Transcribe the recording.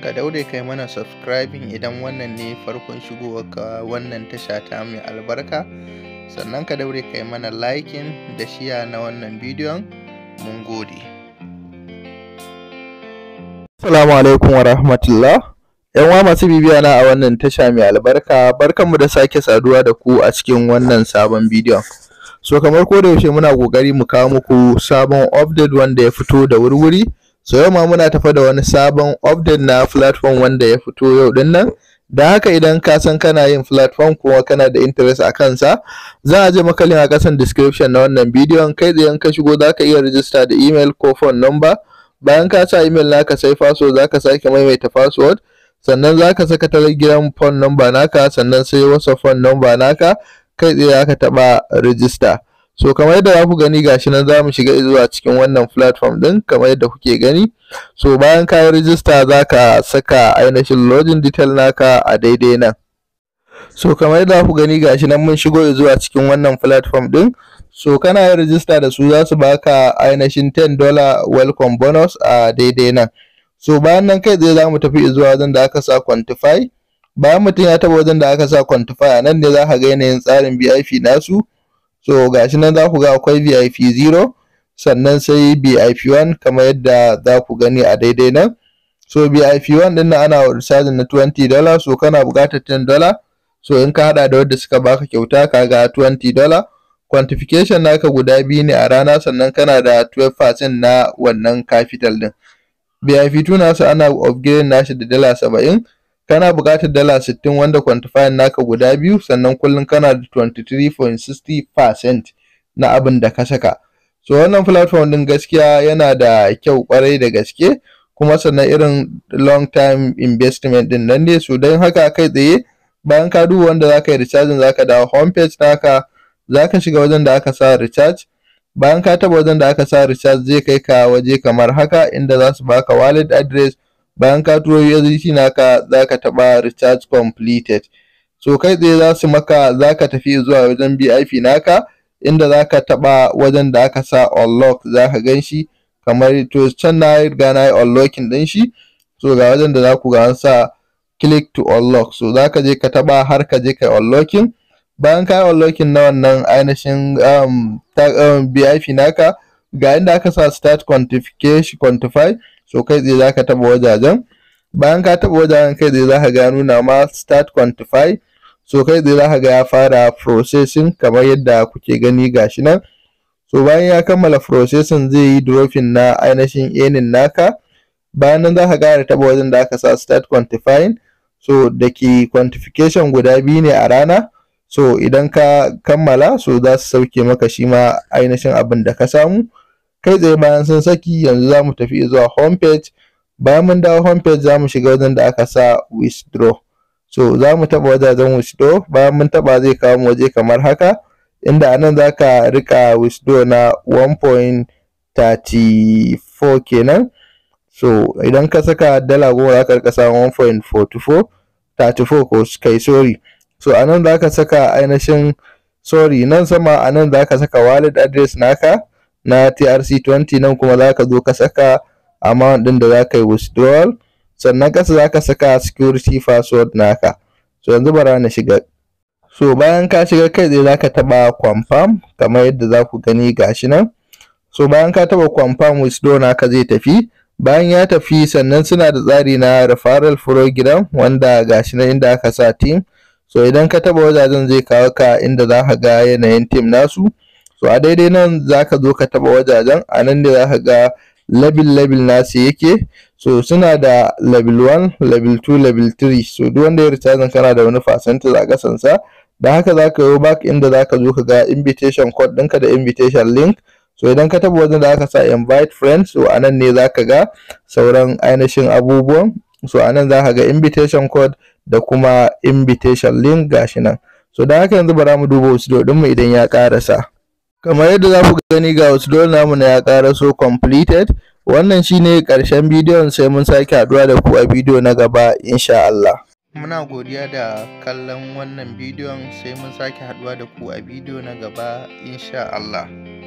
ka daure kai mana subscribing idan wannan ne farkon ka wannan tasha ta mai albarka sannan ka daure kai mana liking da shiya na wannan bidiyon mun gode Assalamu alaikum wa rahmatullah yan masu bibiya na a wannan tasha mai albarka barkanmu da sake saduwa da ku a cikin wannan sabon bidiyon so kamar ko da yaushe muna kokari mu kawo muku sabon update wanda ya fito da wurwuri so yau ma muna tafa da wani sabon update na platform wanda ya fito yau din nan da haka idan ka san kana yin platform kuma kana da interest a kansa za a je maka a kasan description na wannan bidiyon kai tsaye ka shigo za ka iya register da email ko phone number bayan ka sa email naka sai password za ka sake maimaita password sannan za ka saka telegram phone number naka sannan sai whatsapp phone number naka kai tsaye za ka taɓa register so kamar yadda za ku gani gashi nan za mu shiga zuwa cikin wannan platform din kamar yadda kuke gani so bayan ka yi rijista za ka saka ainihin login detail naka a daidai nan so kamar yadda ku gani gashi nan mun shigo zuwa cikin wannan platform din so kana yin rijista da su za su baka ainihin 10 dollar welcome bonus a daidai nan so bayan nan kai tsaye za mu tafi zuwa wajen da aka sa quantify bayan mutum ya taba wajen da aka sa quantify a nan ne za ka ga yanayin tsarin VIP nasu so ga shi nan za ku ga akwai vip 0 sannan sai vip 1 kamar yadda za ku gani a daidai nan so vip 1 din nan ana risajin na 20 dollar so kana buƙatar 10 dollar so in ka hada da wadda suka baka kyauta kaga 20 dollar quantification naka guda biyu ne a rana sannan kana da 12% na wannan capital din vip 2 nasu ana upgrade nashi da dala 70 kana buƙatar dala 60 wanda quantifier naka guda biyu sannan kullum kana da 23.60% na abin da ka saka so wannan platform din gaskiya yana da kyau kwarai da gaske kuma sannan irin long time investment din nan ne so don haka kai tsaye bayan ka duba wanda za ka yi recharging za ka dawo page naka za ka shiga wajen da aka sa recharge bayan ka taba wajen da aka sa recharge zai kai ka waje kamar haka inda za su baka wallet address bayan ka turo USDT naka zaka taba recharge completed so kai tsaye za su maka zaka tafi zuwa wajen BIP naka inda zaka taba wajen da aka sa unlock zaka gan shi kamar to can na riga na yi unlocking din shi so ga wajen da za ku ga an sa click to unlock so za ka je ka taba har ka je ka yi unlocking bayan ka yi unlocking na wannan ainihin um, um, BIP naka ga inda aka sa start quantification quantify so kai za zaka taba wajajen bayan ka taba wajajen kai tsaye zaka ga nuna ma start quantify so kai tsaye zaka ga ya fara processing kamar yadda kuke gani gashi nan so bayan ya kammala processing zai yi dropping na ainihin enin naka bayan nan zaka ga ya taba wajen da aka sa start quantifying so da ke quantification guda biyu ne a rana so idan ka kammala so za su sauke maka shi ma ainihin abin da ka samu kai tsaye bayan sun saki yanzu za mu tafi zuwa home page bayan mun dawo home page za mu shiga wajen da aka sa withdraw so za mu taɓa wajajen withdraw bayan mun taɓa zai kawo mu waje kamar haka inda anan za ka riƙa withdraw na 1.34 kenan so idan ka saka dala goma za ka riƙa samun 1.44 34 ko kai sorry so a nan za ka saka ainihin sorry nan sama a nan za ka saka wallet address naka na TRC20 nan kuma za ka zo ka saka amount ɗin da za ka yi withdrawal sannan kasa za ka saka security password naka so yanzu bara na shiga so bayan ka shiga kai tsaye za ka taɓa confirm kamar yadda za ku gani gashi nan so bayan ka taɓa confirm withdraw naka zai tafi bayan ya tafi sannan suna da tsari na referral program wanda gashi nan inda aka sa team so idan ka taɓa wajajen zai kawo ka inda za ka ga yanayin team nasu so a daidai nan zaka zo ka taba wajajen a nan ne zaka ga label label nasu yake so suna da level 1 level 2 level 3 so duk wanda ya zan kana da wani fasanta a kasansa sansa da haka za ka yi back inda za ka zo ka ga invitation code ɗinka da invitation link so idan ka taba wajen da aka sa invite friends so nan ne za ka ga sauran ainihin abubuwan so a nan za ka ga invitation code da kuma invitation link gashi nan so da haka yanzu bara mu duba wasu ɗinmu idan ya ƙarasa Kamar yadda za ku gani ga dole namu na ya so completed. Wannan shine karshen bidiyon sai mun sake haduwa da ku a bidiyo na gaba insha Allah. Muna godiya da kallon wannan bidiyon sai mun sake haɗuwa da ku a bidiyo na gaba insha Allah.